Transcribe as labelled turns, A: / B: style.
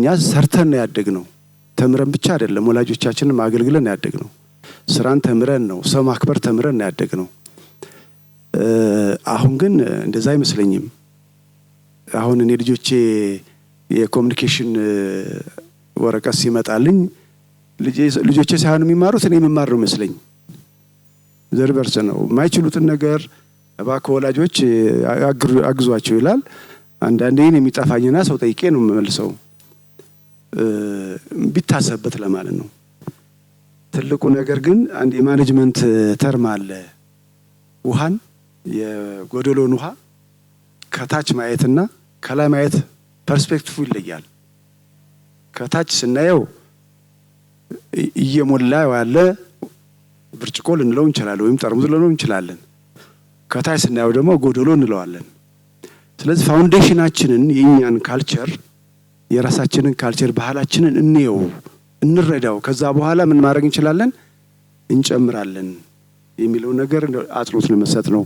A: እኛ ሰርተን ነው ነው። ተምረን ብቻ አይደለም፣ ወላጆቻችንን አገልግለን ነው ነው። ስራን ተምረን ነው፣ ሰው ማክበር ተምረን ነው ነው። አሁን ግን እንደዛ አይመስለኝም። አሁን እኔ ልጆቼ የኮሚኒኬሽን ወረቀት ሲመጣልኝ ልጆቼ ሳይሆን የሚማሩት እኔ የምማር ነው ይመስለኝ። ዘር በርስ ነው የማይችሉትን ነገር እባክህ ወላጆች አግዟቸው ይላል። አንዳንዴ የሚጠፋኝና ሰው ጠይቄ ነው የምመልሰው። ቢታሰብበት ለማለት ነው። ትልቁ ነገር ግን አንድ የማኔጅመንት ተርም አለ። ውሃን የጎደሎን ውሃ ከታች ማየትና ከላይ ማየት ፐርስፔክቲቭ ይለያል። ከታች ስናየው እየሞላ ያለ ብርጭቆ ልንለው እንችላለን፣ ወይም ጠርሙዝ ልንለው እንችላለን። ከታች ስናየው ደግሞ ጎደሎ እንለዋለን። ስለዚህ ፋውንዴሽናችንን የእኛን ካልቸር የራሳችንን ካልቸር ባህላችንን እንየው፣ እንረዳው። ከዛ በኋላ ምን ማድረግ እንችላለን እንጨምራለን የሚለው ነገር አጽንኦት ለመስጠት ነው።